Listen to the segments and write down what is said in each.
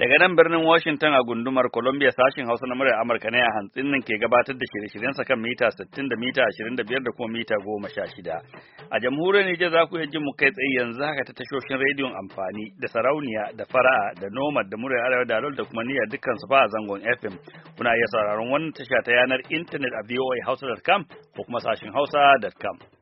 Daga nan birnin Washington a gundumar Columbia sashin Hausa na murar Amurka ne a hantsin nan ke gabatar da shirye sa kan mita 60 da mita 25 da kuma mita 16. A jamhuriyar Nijar za ku iya ji mu kai tsaye yanzu haka ta tashoshin rediyon amfani da sarauniya da fara'a da nomad da murar Arewa da da kuma niyyar dukkan su fa a zangon FM. Kuna iya sauraron wannan tasha ta yanar intanet a voahausa.com ko kuma sashin hausa.com.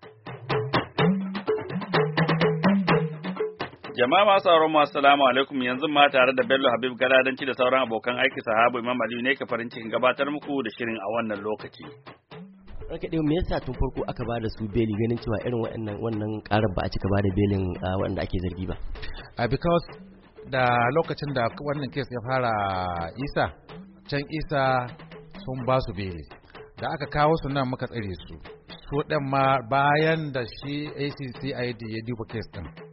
Jama'a masu auren masu assalamu alaikum yanzu ma tare da Bello Habib gadadanci da sauran abokan aiki sahabu Imam Aliyu ne ke farin cikin gabatar muku da shirin a wannan lokaci. Raka dai me yasa tun farko aka ba da su beli ganin cewa irin waɗannan wannan ƙarar ba a cika ba da belin ah, waɗanda ake zargi ba? A ah, because da lokacin da wannan kes ya fara Isa can Isa sun ba su beli da aka kawo su nan muka tsare su su ɗan ma bayan da shi ACCID ya duba kes ɗin.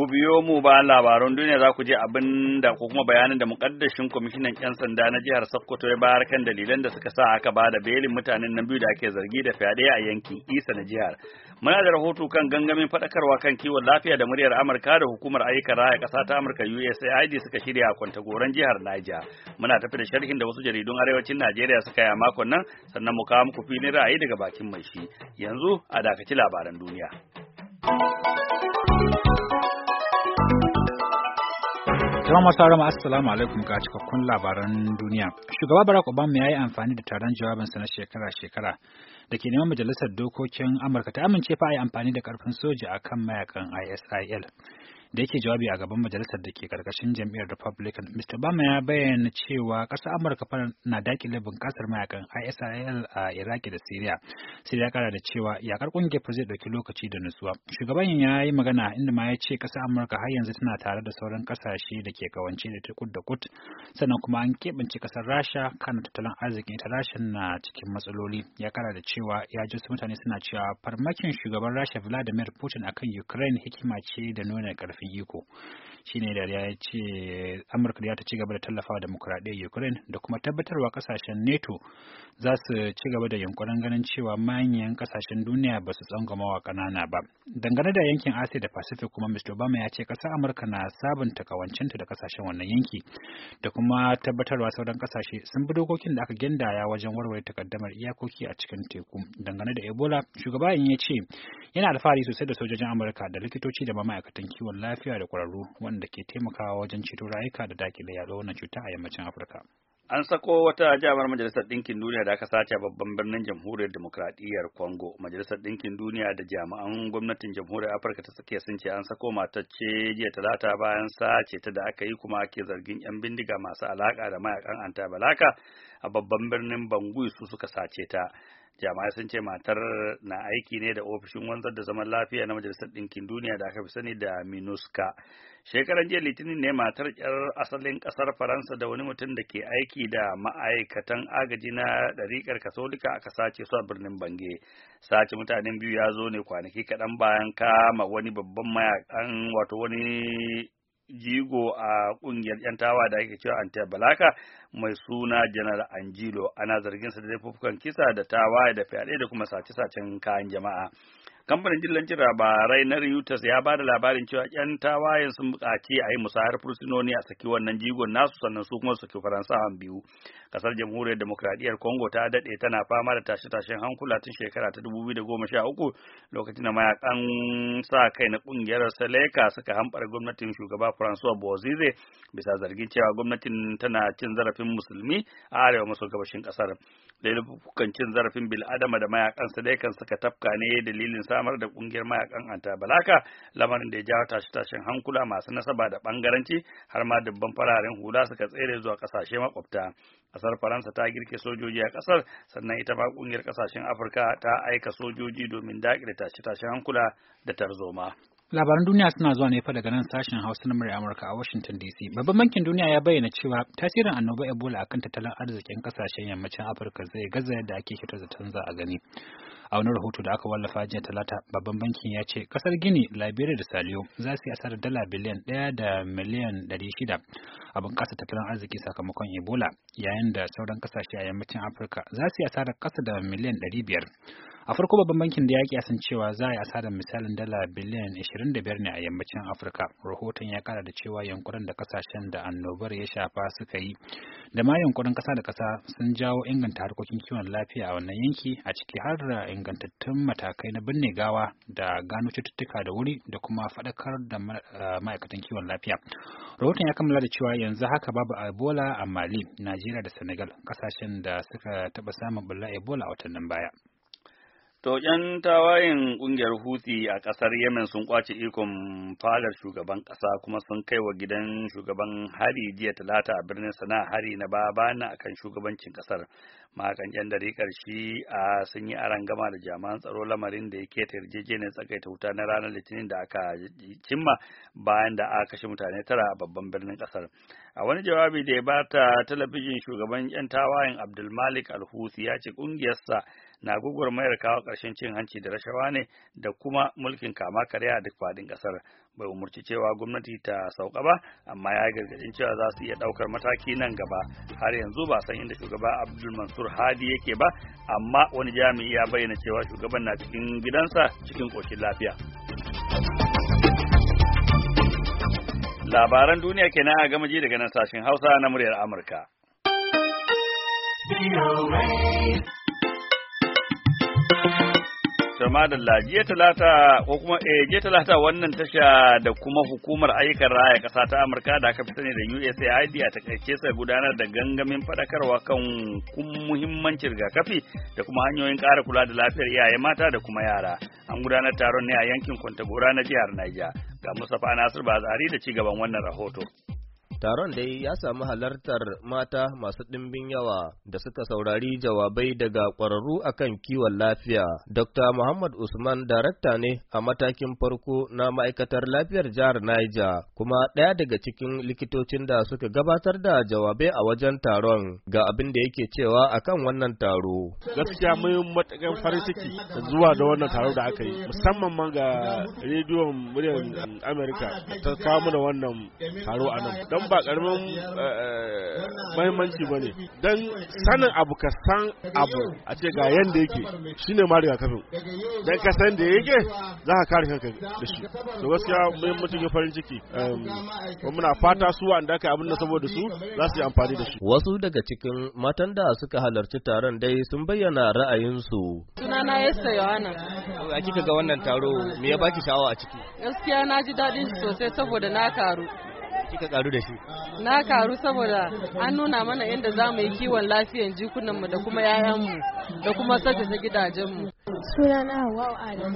ku biyo mu ba labaran duniya za ku je abin da ko kuma bayanin da mukaddashin kwamishinan 'yan sanda na jihar Sokoto ya bayar kan dalilan da suka sa aka ba da belin mutanen nan biyu da ake zargi da fyaɗe a yankin Isa na jihar. Muna da rahoto kan gangamin faɗakarwa kan kiwon lafiya da muryar Amurka da hukumar ayyukan raya ƙasa ta Amurka USAID suka shirya a kwantagoran jihar Niger. Muna tafi da sharhin da wasu jaridun arewacin Najeriya suka yi a makon nan sannan mu kawo muku filin ra'ayi daga bakin mai shi. Yanzu a dakaci labaran duniya. thank you Jama'a masu rama assalamu alaikum ga cikakkun labaran duniya. Shugaba Barack Obama ya yi amfani da taron jawabinsa na shekara-shekara da ke neman majalisar dokokin Amurka ta amince fa a yi amfani da karfin soja akan mayakan ISIL. da yake jawabi a gaban majalisar da ke karkashin jam'iyyar republican mr obama ya bayyana cewa ƙasar amurka fa na dakile bunƙasar mayakan isil a iraki da syria sai ya kara da cewa yakar ƙungiyar fa zai ɗauki lokaci da nutsuwa shugaban ya yi magana inda ma ya ce ƙasar amurka har yanzu tana tare da sauran ƙasashe da ke kawance da tukut da kut sannan kuma an keɓance ƙasar rasha kan tattalin arzikin ita rasha na cikin matsaloli ya kara da cewa ya ji mutane suna cewa farmakin shugaban rasha vladimir putin akan ukraine hikima ce da nuna ƙarfi iko shine da ya ce amurka da ta ci gaba da tallafawa demokuraɗiyyar ukraine da kuma tabbatarwa kasashen nato. za su ci gaba da yunkurin ganin cewa manyan kasashen duniya ba su tsanga mawa kanana ba. Dangane da yankin asia da Pacific kuma Mr. Obama ya ce ƙasar Amurka na sabunta kawancinta da kasashen wannan yanki da kuma tabbatarwa sauran kasashe sun bi dokokin da aka gindaya wajen warware takaddamar iyakoki a cikin teku. Dangane da Ebola, shugaban ya ce yana alfahari sosai da sojojin Amurka da likitoci da ma'aikatan kiwon lafiya da ƙwararru wanda ke taimakawa wajen ceto rayuka da dakile yaɗo wannan cuta a yammacin Afirka. An sako wata jami'ar Majalisar Ɗinkin Duniya da aka sace babban birnin Jamhuriyar Demokradiyyar Congo. Majalisar Ɗinkin Duniya da jami'an gwamnatin Jamhuriyar Afirka ta tsakiya sun ce an sako matacce jiya talata bayan sace ta da aka yi kuma ake zargin 'yan bindiga masu alaka da mayakan Antabalaka a babban birnin Bangui su suka sace ta. jami'ai sun ce matar na aiki ne da ofishin wanzar da zaman lafiya na majalisar ɗinkin duniya da aka fi sani da minuska shekaran jiya litinin ne matar yar asalin ƙasar faransa da wani mutum da ke aiki da ma'aikatan agaji na ɗariƙar katolika aka sace su a birnin bange sace mutanen biyu ya zo ne kwanaki kaɗan bayan kama wani babban mayakan wato wani jigo a ƙungiyar 'yan tawa da ake cewa balaka mai suna janar angelo ana zargin sa da laifukan kisa da tawaye da fyaɗe da kuma sace-sacen kayan jama'a kamfanin jillancin labarai na reuters ya ba da labarin cewa yan tawayen sun buƙaci a yi musayar fursunoni a saki wannan jigon nasu sannan su kuma saki faransawan biyu kasar jamhuriyar demokradiyyar congo ta daɗe tana fama da tashe-tashen hankula tun shekara ta 2013 lokacin da mayakan sa kai na ƙungiyar seleka suka hambar gwamnatin shugaba francois bozize bisa zargin cewa gwamnatin tana cin zarafin tsofin musulmi a arewa maso gabashin kasar laifukan cin zarafin bil'adama da mayakan dai kan suka tafka ne dalilin samar da kungiyar mayakan antabalaka lamarin da ya jawo tashe tashen hankula masu nasaba da bangaranci har ma dubban fararen hula suka tsere zuwa kasashe makwabta kasar faransa ta girke sojoji a kasar sannan ita ma kungiyar kasashen afirka ta aika sojoji domin dakile tashe tashen hankula da tarzoma Labaran duniya suna zuwa ne fa daga nan sashen Hausa na murya Amurka a Washington DC. Babban bankin duniya ya bayyana cewa tasirin annoba Ebola akan tattalin arzikin kasashen yammacin Afirka zai gaza yadda ake kyautar zaton za a gani. a wani rahoto da aka wallafa jiya talata babban bankin ya ce kasar gini liberia da saliyo za su yi asarar dala biliyan ɗaya da miliyan ɗari shida a bunƙasa tattalin arziki sakamakon ebola yayin da sauran kasashe a yammacin afirka za su yi asarar ƙasa da miliyan ɗari biyar a farko babban bankin da ya san cewa za a yi asarar misalin dala biliyan 25 ne a yammacin afirka rahoton ya kara da cewa yankunan da kasashen da annobar ya shafa suka yi da ma yankunan kasa da kasa sun jawo inganta harkokin kiwon lafiya a wannan yanki a ciki har da ingantattun matakai na binne gawa da gano cututtuka da wuri da kuma faɗakar da eh, ma'aikatan kiwon lafiya. Rahoton ya kammala da cewa yanzu haka babu Ebola a Mali, Najeriya da Senegal, kasashen da suka taɓa samun bulla Ebola a watannin baya. To, ‘yan tawayen ƙungiyar Houthi a ƙasar Yemen sun ƙwace ikon falar shugaban ƙasa kuma sun kai wa gidan shugaban hari jiya talata a birnin sana hari na babana a kan shugabancin ƙasar. Makan ‘yan dare ƙarshi a sun yi gama da jami'an tsaro lamarin da ya keta yarjejeniyar tsakaita wuta na ranar Litinin da aka cimma bayan da aka kashe mutane tara a babban birnin ƙasar. A wani jawabi da ya bata talabijin shugaban ‘yan tawayen Abdulmalik al ya ce ƙungiyarsa na gwagwarmayar kawo ƙarshen cin hanci da rashawa ne da kuma mulkin kama karya a duk faɗin ƙasar bai umarci cewa gwamnati ta sauka ba amma ya yi gargadin cewa za su iya ɗaukar mataki nan gaba har yanzu ba san inda shugaba abdul mansur hadi yake ba amma wani jami'i ya bayyana cewa shugaban na cikin gidansa cikin ƙoshin lafiya labaran duniya kenan a gama daga nan sashen hausa na muryar amurka Tama da lajiya talata ko kuma eje eh, talata wannan tasha da kuma hukumar ayyukan raya kasa ta Amurka da aka fi ne da USAID a takaice sai gudanar da gangamin faɗakarwa kan kun muhimmancin rigakafi da kuma hanyoyin kara kula da lafiyar iyaye mata da kuma yara. An gudanar taron ne a yankin Kwantagora na jihar Niger. Ga Mustapha Nasir Bazari da ci gaban wannan rahoto. Taron dai ya samu halartar mata masu ɗimbin yawa da suka saurari jawabai daga ƙwararru akan kiwon lafiya. Dr. Muhammad Usman darakta ne a matakin farko na ma'aikatar lafiyar jihar Niger kuma ɗaya daga cikin likitocin da suka gabatar da jawabai a wajen taron ga abin da yake cewa akan wannan taro. Gaskiya matakan farin zuwa da wannan taro da aka yi musamman ma ga rediyon muryar Amerika ta kawo mana wannan taro a ba karamin eh, eh, mahimmanci ba ne don sanin abu ka san abu a ce ga yanda yake shine ma kafin don ka san da yake za ka kare kanka da shi da gaskiya muhimmancin farin ciki kuma muna fata su da aka abin da saboda su za su yi amfani da shi wasu daga cikin matan da suka halarci taron dai sun bayyana ra'ayinsu sunana Esther Yohana a kika ga wannan taro me ya baki sha'awa a ciki gaskiya na ji daɗin sosai saboda na karu kika karu da shi na karu saboda an nuna mana inda za mu yi kiwon lafiyan jikunanmu da kuma 'ya'yanmu da kuma ta gidajenmu Suna na Hawwa Adam.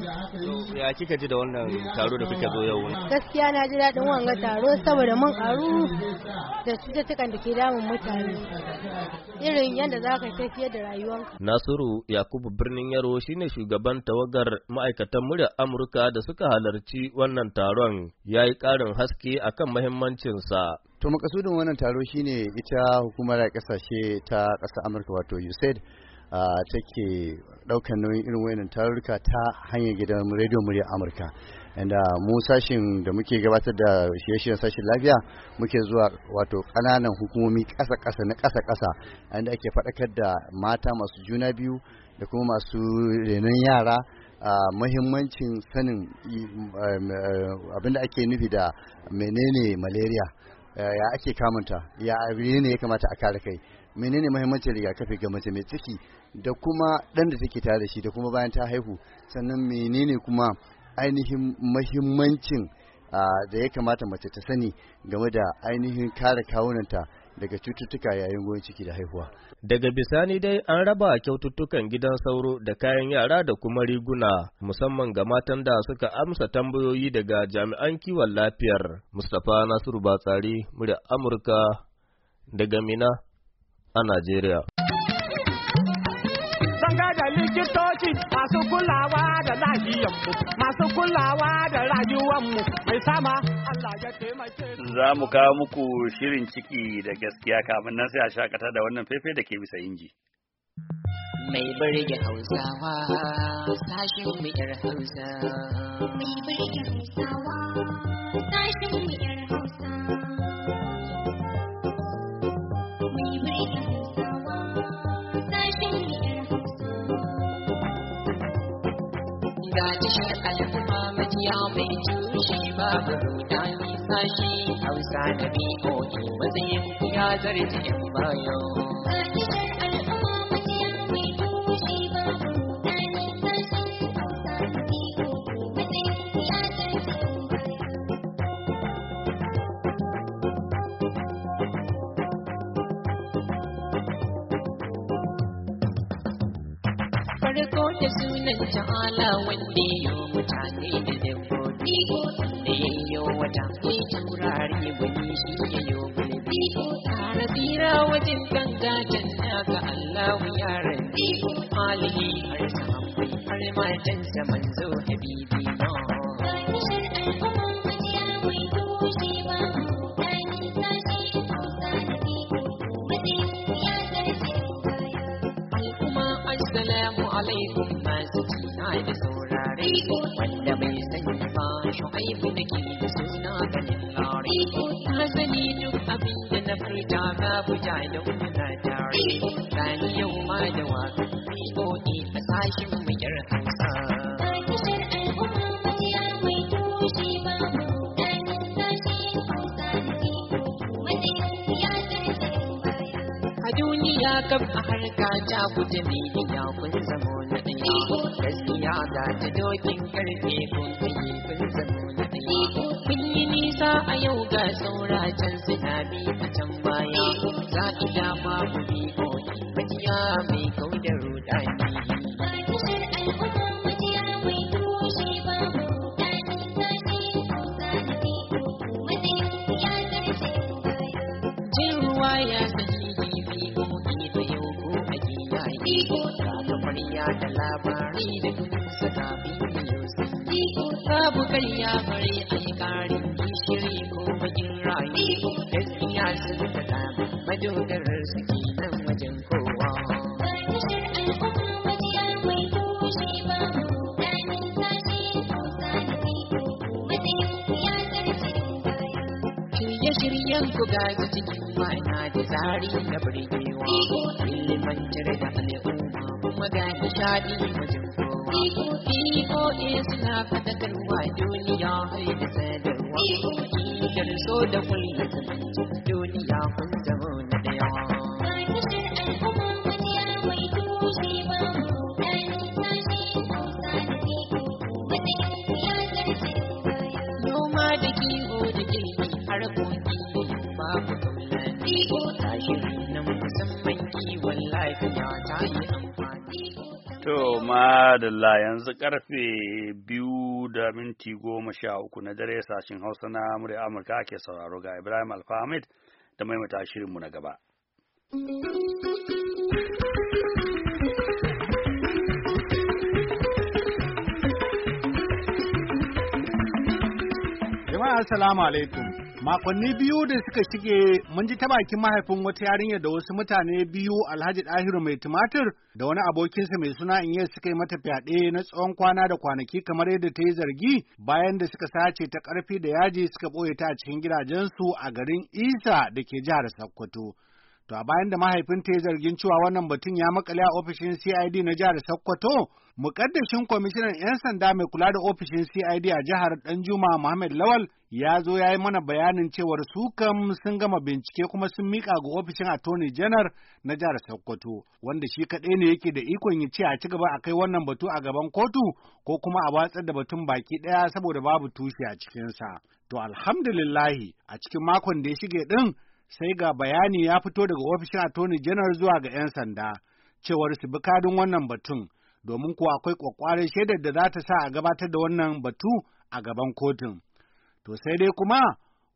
Ya kika ji da wannan taro da kuka zo yau Gaskiya na ji daɗin wanga taro saboda mun karu da cututtukan da ke damun mutane. Irin yadda za ka tafiyar da rayuwanka. Nasiru Yakubu Birnin Yaro shine shugaban tawagar ma'aikatan muryar Amurka da suka halarci wannan taron ya yi ƙarin haske akan muhimmancinsa. To makasudin wannan taro shine ita hukumar kasashe ta ƙasar Amurka wato USAID take daukan nauyin irin wayannan tarurruka ta hanyar gidan rediyo murya amurka inda uh, mu sashin da muke gabatar da shirye-shiryen sashin lafiya muke zuwa wato kananan hukumomi ƙasa-ƙasa na ƙasa-ƙasa inda ake faɗakar da mata masu juna biyu da kuma masu renon yara Muhimmancin sanin um, uh, abinda ake nufi da menene malaria ya ake kamunta ya ne ya kamata a kare kai menene mahimmancin rigakafi ga mace mai ciki da kuma ɗan da take tare da shi da kuma bayan ta haihu sannan menene kuma ainihin mahimmancin da ya kamata mace ta sani game da ainihin kare kawunanta daga cututtuka yayin goyon ciki da haihuwa. Daga bisani dai an raba kyaututtukan gidan sauro da kayan yara da kuma riguna musamman ga matan da suka amsa tambayoyi daga jami'an kiwon lafiyar. Mustapha Nasiru Batsari, murya Amurka daga Mina a Najeriya. Zanga da likitoci masu kulawa da lahiyanmu, masu kulawa da rayuwanmu mai sama Allah ya taimake Za mu kawo muku shirin ciki da gaskiya kafin nan sai a shakata da wannan fefe da ke bisa inji. Mai birge Hausawa, sashin mu 'yar Hausa. Mai birge Hausawa, sashin mu ga tashar al'umma majiya mai tushe babu rudani sashi hausa da boe matsayin ya zarce yan bayan farko da sunan ta'ala wanda ya mutane da dabbobi da ya yi wata ya turare gwani shi ya yi gulbi tare tsira wajen ganga can ga Allahu yaran ɗi malihi har sahabbai har matan zaman alaikum masu jina da saurare wanda mai sani ba shu'aibu nake da suna ganin lare na sani duk abin da na furta babu ja da wani na tare rani yau ma da waka bigoɗi a sashin mayar hausa a duniya kam a sarka ta guji mai iya kun na ɗaya gaskiya ta dokin karfe kun kuyi kun na ɗaya kun yi nisa a yau ga saura can suna bi a can baya za ki dama ku bi koyi majiya mai kau da rudani. Jin ruwa ya da labarai da dubu Babu karya a yi ƙarin ko bakin rayu. Gaskiya nan wajen kowa. Barnishin mai babu. shiryen ku gaji cikin mana da tsari da birgewa ilimantar da daɗi wajen Iko iko e suna fadakarwa duniya har da sadarwa. Iko iko so da kulle duniya kun zama na da yawa. mai tushe babu mu da iko da ya garce Noma da kiwo da girbi har gobe. madalla yanzu karfe biyu da minti goma sha uku na dare sashen hausa na murya amurka ake sauraro ga ibrahim alfahamid da maimaita shirinmu na gaba jama'a assalamu alaikum Makonni biyu da suka shige mun ji ta bakin mahaifin wata yarinya da wasu mutane biyu Alhaji Dahiru mai tumatir da wani abokinsa mai suna in yau suka yi mata fyaɗe na tsawon kwana da kwanaki kamar yadda ta yi zargi bayan da suka sace ta ƙarfi da yaji suka ɓoye ta a cikin gidajensu a garin Isa da ke jihar Sokoto. To a bayan da mahaifinta yi zargin cewa wannan batun ya makale a ofishin CID na jihar Sokoto Mukaddashin kwamishinan 'yan sanda mai kula da ofishin CID a jihar Danjuma Muhammad Lawal ya zo ya yi mana bayanin cewar su sun gama bincike kuma sun mika ga ofishin Attorney General na jihar Sokoto wanda shi kaɗai ne yake da ikon ya ce a ci gaba a kai wannan batu a gaban kotu ko kuma a watsar da batun baki ɗaya saboda babu tushe a cikinsa. To alhamdulillahi a cikin makon da ya shige ɗin sai ga bayani ya fito daga ofishin Attorney General zuwa ga 'yan sanda cewar su bi kadin wannan batun. domin kuwa akwai kwakwarin shaidar da za ta sa a gabatar da wannan batu a gaban kotun. To sai dai kuma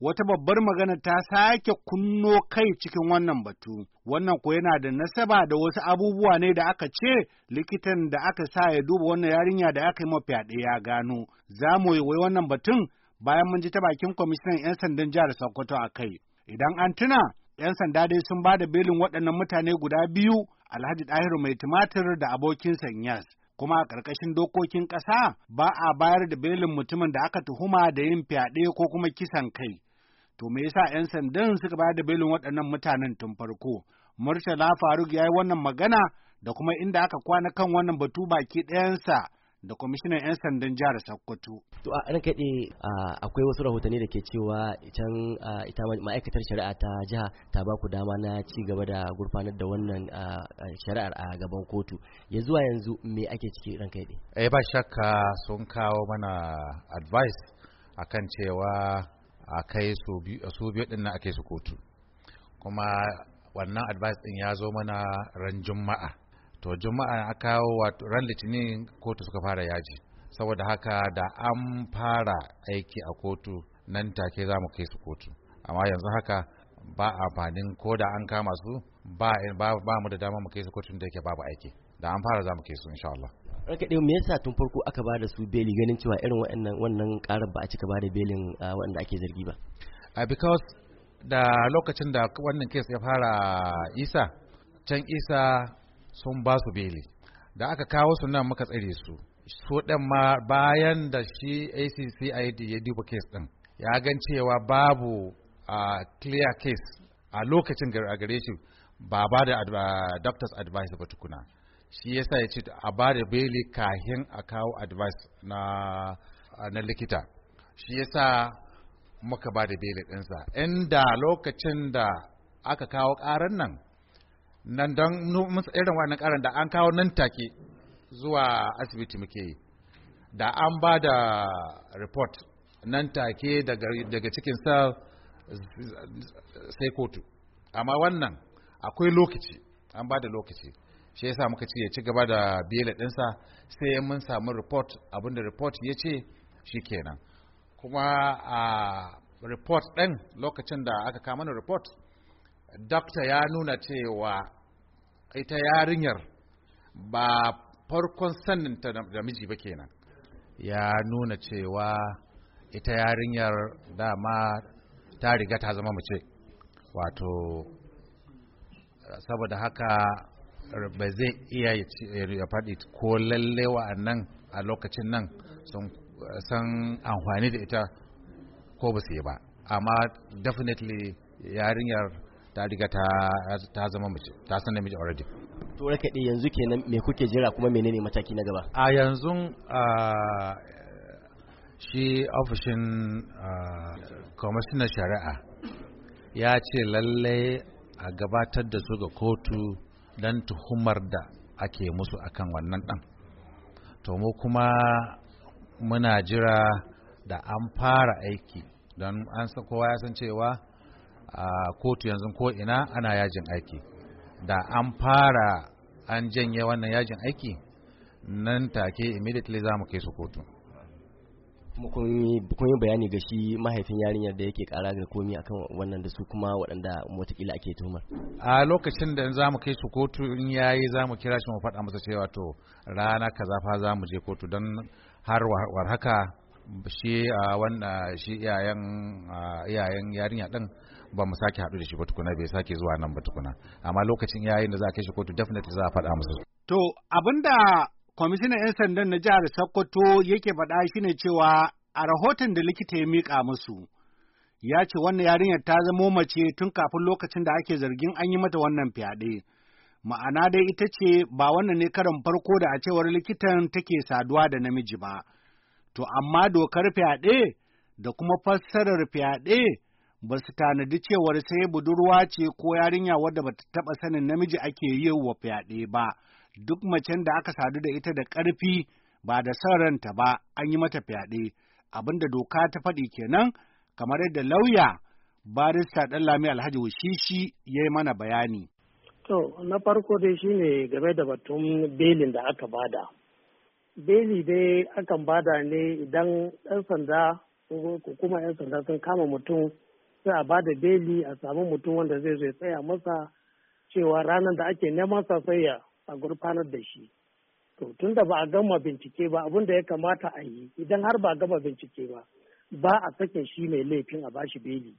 wata babbar magana ta sake kunno kai cikin wannan batu, wannan ko yana da nasaba da wasu abubuwa ne da aka ce likitan da aka sa ya duba wannan yarinya da aka yi fyaɗe ya gano. Za mu yi wai wannan batun bayan mun ji ta bakin kwamishinan 'yan sandan jihar Sokoto a kai. Idan an tuna, 'Yan sanda dai sun ba da belin waɗannan mutane guda biyu Alhaji Ɗahiru mai tumatir da abokin Sanyas. Kuma a ƙarƙashin dokokin ƙasa ba a bayar da belin mutumin da aka tuhuma da yin fyaɗe ko kuma kisan kai. To me yasa 'yan sandan suka bayar da belin waɗannan mutanen tun farko? Murtala Faruk ya yi wannan magana da kuma inda aka kwana kan wannan batu baki ɗayansa da kwamishinan 'yan sandan jihar Sokoto. To a ranka kaɗe akwai wasu rahotanni da ke cewa can ita ma'aikatar shari'a ta jiha ta ba ku dama na ci gaba da gurfanar da wannan shari'ar a gaban kotu. Ya zuwa yanzu me ake ciki ranka kaɗe? Eh ba shakka sun kawo mana advice akan cewa a kai su biyu ɗin na ake su kotu. Kuma wannan advice ɗin ya zo mana ran juma'a. to juma'a aka kawo wato ran litinin kotu suka fara yaji saboda haka da an fara aiki a kotu nan take za mu kai su kotu amma yanzu haka ba amfanin ko da an kama su ba ba mu da dama mu kai su kotun da yake babu aiki da an fara za mu kai su insha Allah ranka ɗaya me yasa tun farko aka ba da su beli ganin cewa irin waɗannan wannan ƙarar ba a cika ba da belin waɗanda ake zargi ba a because da lokacin da wannan case ya fara isa can isa sun ba su beli da aka kawo su nan muka tsare su su ɗin ma bayan da shi ACCID ya duba kes ɗin ya gan cewa babu a clear case a lokacin gare shi ba ba da doctor's advice ba tukuna shi yasa ya ce a ba da beli kahin a kawo advice na na likita shi yasa muka ba da beli ɗinsa inda lokacin da aka kawo ƙarar nan nan don irin wannan karin da an kawo nan take zuwa asibiti muke yi da an ba da report nan take daga cikin sa sai kotu amma wannan akwai lokaci an ba da lokaci shi yasa muka ce ya ci gaba da bela ɗinsa sai mun samu report abinda report ya ce shi kenan kuma a ah, report ɗin lokacin da aka kama report dakta ya nuna cewa ita yarinyar ba farkon saninta da miji ba kenan ya nuna cewa ita yarinyar dama ta riga ta zama mace wato saboda haka ba zai iya ya faɗi ko lalle wa'annan a lokacin nan sun amfani da ita ko ba su yi ba amma definitely yarinyar ta riga ta zama mace ta san namiji already to raka dai yanzu kenan me kuke jira kuma menene mataki na gaba a yanzu shi ofishin commissioner shari'a ya ce lallai a gabatar da su ga kotu don tuhumar da ake musu akan wannan dan. to mu kuma muna jira da an fara aiki don an kowa ya san cewa a kotu yanzu ko ina ana yajin aiki da an fara an janye wannan yajin aiki nan take immediately za mu kai su kotu kun yi bayani ga shi mahaifin yarinyar da yake kara ga komi akan wannan da su kuma waɗanda watakila ake tuhumar a lokacin da za mu kai su kotu in yayi za mu kira shi mu faɗa masa cewa to rana kaza fa za mu je kotu don har war haka shi a wannan shi iyayen iyayen yarinya din ba mu sake hadu da shi ba tukuna bai sake zuwa nan ba tukuna amma lokacin yayin da za a kai shi kotu definitely za a faɗa musu to abinda kwamishinan 'yan sandan na jihar sokoto yake faɗa shine cewa a rahoton da likita ya mika musu ya ce wannan yarinyar ta zamo mace tun kafin lokacin da ake zargin an yi mata wannan fyaɗe. Ma'ana dai ita ce ba wannan ne karan farko da a cewar likitan take saduwa da namiji ba. To amma dokar fyaɗe da kuma fassarar fyaɗe ba su tanadi cewar sai budurwa ce ko yarinya wadda ba ta taba sanin namiji ake yi wa fyaɗe ba, duk macen da aka sadu da ita da ƙarfi ba da son ranta ba an yi mata fyaɗe, abin da doka ta faɗi kenan kamar yadda lauya barista ɗan lami alhaji wushishi ya yi mana bayani. To, na farko dai shine game da batun belin da aka bada. Beli dai akan bada ne idan ɗan sanda ko kuma 'yan sanda sun kama mutum sai a bada beli a samu mutum wanda zai zo tsaya masa cewa ranar da ake neman sa sai ya a gurfanar da shi to tun da ba a gama bincike ba abin da ya kamata a yi idan har ba a gama bincike ba ba a sake shi mai laifin a bashi beli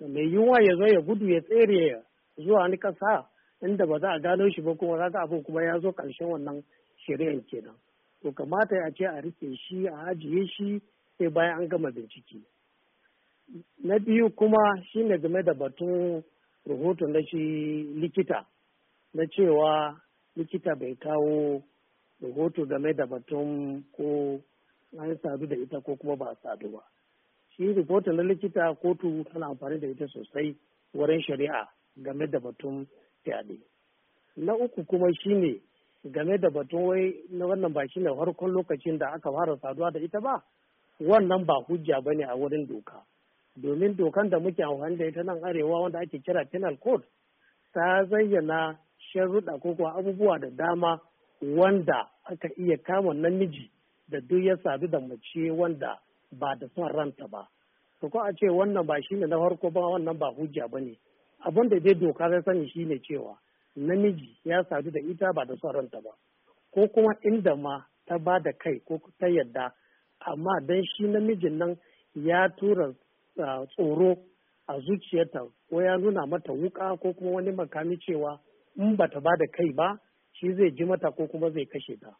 mai yunwa ya zo ya gudu ya tsere zuwa wani kasa inda ba za a gano shi ba kuma ka abu kuma ya zo karshen wannan shari'ar kenan to kamata ya ce a rike shi a ajiye shi sai bayan an gama bincike na biyu kuma shine game da batun rahoton na shi likita na cewa likita bai kawo rahoto game da batun ko an sadu da ita ko kuma ba a sadu ba shi rahoton na likita kotu tana amfani da ita sosai wurin shari'a game da batun fyaɗe na uku kuma shine game da batun wai na wannan ba shine farkon lokacin da aka fara saduwa da ita ba wannan ba hujja bane a wurin doka domin dokan da muke amfani da ita nan arewa wanda ake kira penal code ta zayyana sharuɗa ko kuwa abubuwa da dama wanda aka iya kama namiji da duk ya sadu da mace wanda ba da son ranta ba to ko a ce wannan ba shine na farko ba wannan ba hujja ba ne abin da dai doka zai sani shine cewa namiji ya sadu da ita ba da son ranta ba ko kuma inda ma ta ba da kai ko ta yadda amma dan shi namijin nan ya tura tsoro a zuciyarta ko ya nuna mata wuka ko kuma wani makami cewa in bata ba da kai ba shi zai ji mata ko kuma zai kashe ta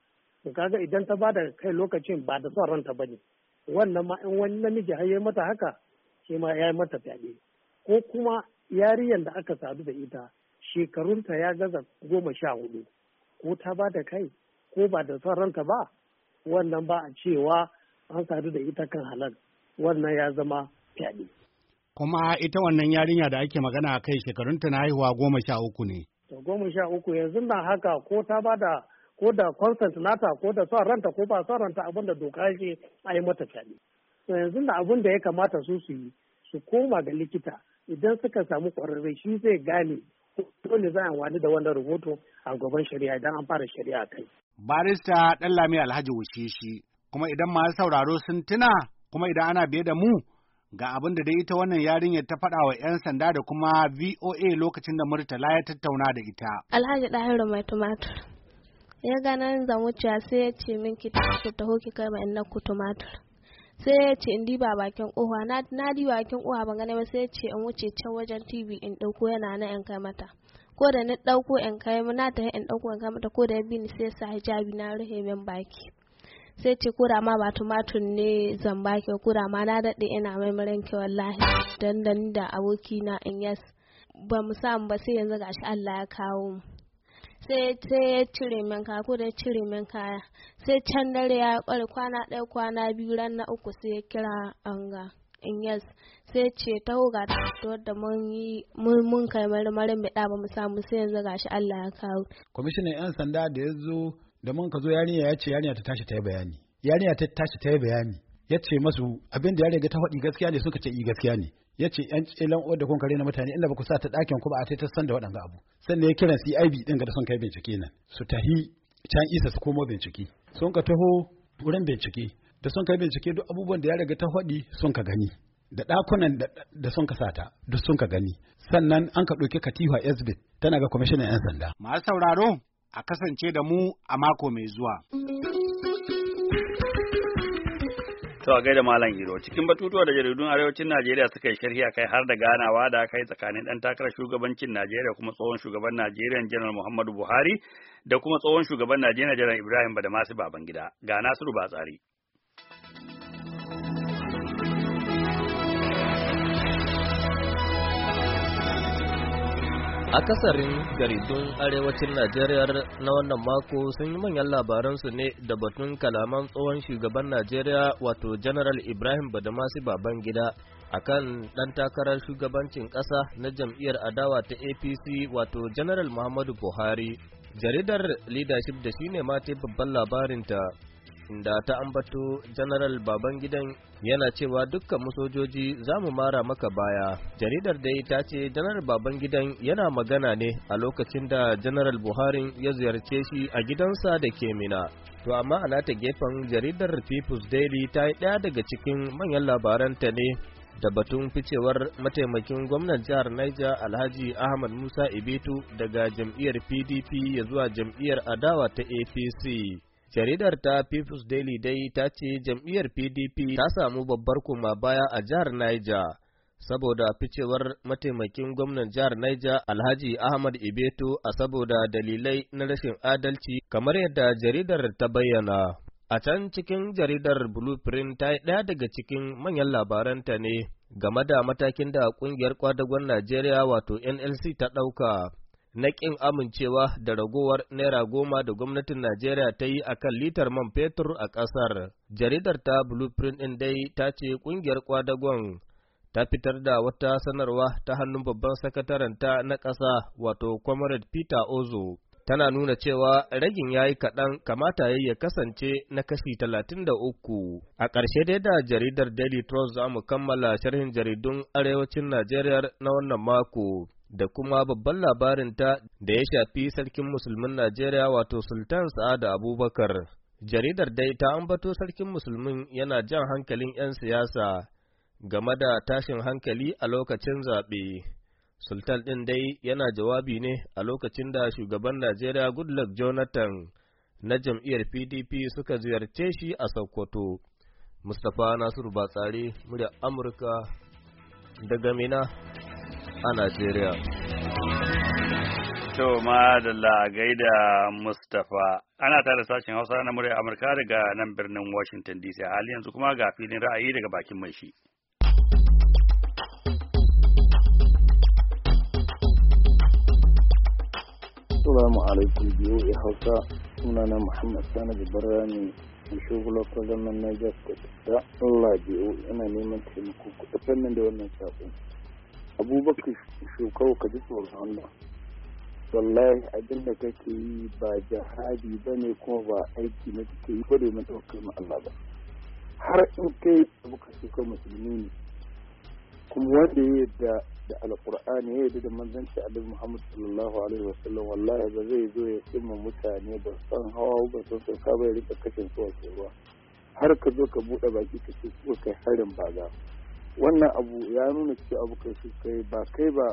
to kaga idan ta ba da kai lokacin ba da son ranta bane wannan ma in wani namiji har mata haka shi ma ya yi mata fyaɗe ko kuma yarinyar da aka sadu da ita shekarunta ya gaza goma sha hudu ko ta ba da kai ko ba da son ranta ba wannan ba a cewa an sadu da ita kan halal wannan ya zama Kuma ita wannan yarinya da ake magana a kai shekarunta na haihuwa goma sha uku ne. Goma sha uku yanzu na haka ko ta ba da ko da consent nata ko da son ranta ko ba son ranta abin da doka yake a yi mata fyaɗe. To yanzu da abin da ya kamata su su yi su koma ga likita idan suka samu ƙwararre shi zai gane dole za a amfani da wannan rahoto a gaban shari'a idan an fara shari'a kai. Barista Ɗanlami Alhaji shi. kuma idan masu sauraro sun tuna, kuma idan ana biye da mu, Ga abin da dai ita wannan yarinyar ta faɗa wa 'yan sanda da kuma VOA lokacin da Murtala ya tattauna da ita. Alhaji Ɗahiru mai tumatur. Ya gana zan zamuciya sai ya ce min ki ta taho ki kai ma inna ku tumatur. sai ya ce in diba bakin kofa na diba bakin kofa ban gane ba sai ya ce in wuce can wajen tv in ɗauko yana na in kai mata ko da ni ɗauko in kai na ta in ɗauko in kai mata ko da ya bi ni sai sa hijabi na rufe min baki sai ce kura ma ba tumatur ne zamba ke kura ma na daɗe ina maimarin ke wallahi dandan da aboki na in yas ba mu samu ba sai yanzu gashi Allah ya kawo mu sai sai ya cire min kaya ko da ya cire min kaya sai can dare ya kware kwana ɗaya kwana biyu ran na uku sai ya kira anga in yas sai ce ta ga ta wadda mun yi mun kai marmarin bida ba mu samu sai yanzu gashi Allah ya kawo kwamishinan yan sanda da ya zo da mun ka zo yarinya ya ce yarinya ta tashi ta yi bayani yarinya ta tashi ta yi bayani ya ce masu abin da ya riga ta faɗi gaskiya ne suka ce i gaskiya ne ya ce yan tsilan uwar da kun kare na mutane inda ba ku sa ta ɗakin ku ba a ta san da waɗanga abu sannan ya kiran CIB ɗin ga da sun kai bincike nan su tahi can isa su komo bincike sun ka taho wurin bincike da sun kai bincike duk abubuwan da ya riga ta faɗi sun ka gani da ɗakunan da sun ka sata duk sun ka gani sannan an ka ɗauki katifa esbit tana ga kwamishinan 'yan sanda. Masu sauraro a kasance da mu a mako mai zuwa. To a gaida Malam Iro, cikin batutuwa da jaridun arewacin Najeriya suka yi sharhi kai har da ganawa da aka yi tsakanin ɗan takarar shugabancin Najeriya kuma tsohon shugaban Najeriya Janar Muhammadu Buhari da kuma tsohon shugaban Najeriya Janar Ibrahim Badamasi Babangida. Ga Nasiru Batsari. Akasarin garidun arewacin Najeriya na wannan mako sun yi manyan labaransu ne da batun kalaman tsohon shugaban Najeriya wato General Ibrahim Badamasi Babangida kan ɗan takarar shugabancin ƙasa na jam'iyyar adawa ta APC wato General Muhammadu Buhari. Jaridar Leadership da shi ne ma babban labarinta da ta ambato General Babangidan yana cewa dukkan mu sojoji za mu mara maka baya. Jaridar dai ta ce General Babangidan yana magana ne a lokacin da General Buhari ya ziyarce shi a gidansa da ke Mina. To amma a nata gefen jaridar People's Daily ta yi ɗaya daga cikin manyan labaranta ne da batun ficewar mataimakin gwamnan jihar Niger Alhaji Ahmad Musa Ibitu daga jam'iyyar PDP ya zuwa jam'iyyar adawa ta APC. Jaridar ta People's Daily dai ta ce jam'iyyar PDP ta samu babbar kuma baya a jihar Niger saboda ficewar mataimakin gwamnan jihar Niger Alhaji Ahmad Ibeto a saboda dalilai na rashin adalci kamar yadda jaridar ta bayyana. A can cikin jaridar Blueprint ta yi ɗaya daga cikin manyan labaranta ne game da matakin da ƙungiyar kwadagon Najeriya wato NLC ta ɗauka na ƙin amincewa da ragowar Naira goma da gwamnatin Najeriya ta yi a kan litar man fetur a ƙasar. Jaridar ta Blueprint ɗin dai ta ce ƙungiyar kwadagon ta fitar da wata sanarwa ta hannun babban sakataranta na ƙasa wato Comrade Peter Ozo. Tana nuna cewa ragin ya yi kaɗan kamata ya ya kasance na kashi talatin da uku. A ƙarshe dai da jaridar Daily Trust za mu kammala sharhin jaridun arewacin Najeriya na wannan mako. da kuma babban labarinta da ya shafi sarkin musulmin Najeriya wato Sultan Sa'ad Abubakar. Jaridar dai ta ambato sarkin musulmin yana jan hankalin 'yan siyasa game da tashin hankali a lokacin zaɓe. Sultan ɗin dai yana jawabi ne a lokacin da shugaban Najeriya Goodluck Jonathan na jam'iyyar PDP suka ziyarce shi a Sokoto. Mustapha Nasiru Batsari, murya Amurka daga Mina. a Najeriya. To ma da gaida Mustapha ana tare sashen Hausa na murya Amurka daga nan birnin Washington DC a hali yanzu kuma ga filin ra'ayi daga bakin mai shi. Assalamu alaikum biyu ya hausa sunana Muhammad Sani Jibarra ne a shugula kwallon Niger State da Allah biyu yana neman taimako kuɗa fannin da wannan saƙon. abubakar shekaru ka ji tsoron Allah wallahi abin da kake yi ba jihadi ba ne kuma ba aiki na kake yi ba da ɗaukar ma ba har in kai abubakar shekaru musulmi ne kuma wanda ya yadda da al'ƙur'ani ya yadda da manzanci annabi muhammad sallallahu alaihi wasallam wallahi ba zai zo ya cimma mutane ba san hawa ba san sauka ba ya rika kashin su ruwa har ka zo ka buɗe baki ka ce kai harin ba za wannan abu ya nuna ce abu kai su kai ba kai ba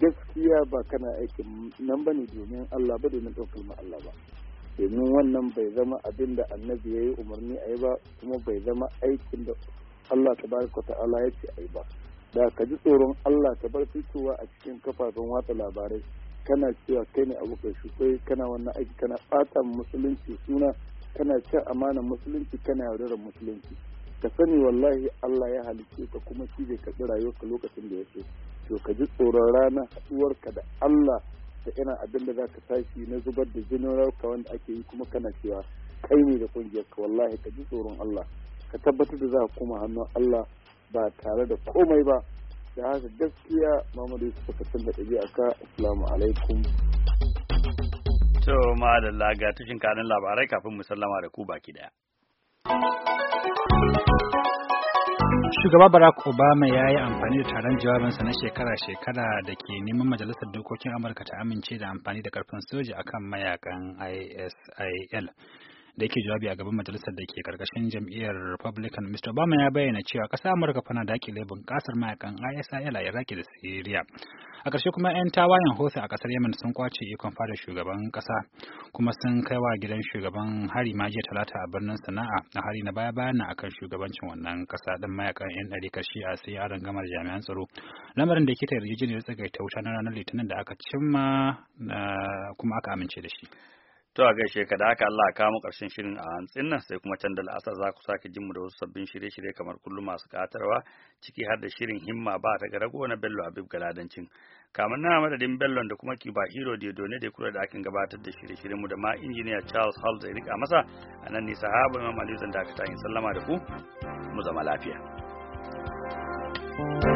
gaskiya ba kana aikin nan ba ne domin Allah ba domin ɗaukar ma Allah ba domin wannan bai zama abin da annabi ya yi umarni a yi ba kuma bai zama aikin da Allah ta tabaraka ta'ala ya ce a yi ba da ka ji tsoron Allah ta bar fitowa a cikin kafafen watsa labarai kana cewa kai ne abu kai su kai kana wannan aiki kana ɓata musulunci suna kana cin amanar musulunci kana yaudarar musulunci ka sani wallahi Allah ya halice ka kuma shi zai karɓi ka lokacin da ya so to ka ji tsoron rana haɗuwarka da Allah da ina abin da za ka tashi na zubar da jinin rauka wanda ake yi kuma kana cewa kai ne da kungiyar ka wallahi ka ji tsoron Allah ka tabbatar da za ka koma hannun Allah ba tare da komai ba da haka gaskiya Muhammadu Yusuf ka san da ɗabi'a ka assalamu alaikum to ma da laga tushin kanin labarai kafin mu sallama da ku baki daya Shugaba Barack Obama ya yi amfani da taron jawabinsa na shekara-shekara da ke neman Majalisar Dokokin Amurka ta amince da amfani da karfin soja akan mayakan ISIL. da yake jawabi a gaban majalisar da ke karkashin jam'iyyar Republican Mr. Obama ya bayyana cewa ƙasar Amurka fana dakile bunƙasar mayakan ISIL a Iraq da Syria. A ƙarshe kuma 'yan tawayen hausa a ƙasar Yemen sun kwace ikon fada shugaban ƙasa kuma sun kai wa gidan shugaban hari ma jiya talata a birnin Sana'a a hari na baya bayan akan shugabancin wannan ƙasa ɗin mayakan 'yan ɗari shi a sai a rangamar jami'an tsaro. Lamarin da ke ta yarjejeniyar tsagaita wuta na ranar Litinin da aka cimma kuma aka amince da shi. To a gaishe ka da haka Allah ka mu karshen shirin a hantsin nan sai kuma can da la'asar za ku sake jin mu da wasu sabbin shirye-shirye kamar kullum masu katarwa ciki har da shirin himma ba ta ga rago na Bello Habib Galadancin. Kamar na madadin Bello da kuma Kiba Hero Diodone da kula da akin gabatar da shirye-shiryen mu da ma injiniya Charles Hall zai rika masa a nan ne sahaba Imam Ali zan dakata in sallama da ku mu zama lafiya. thank you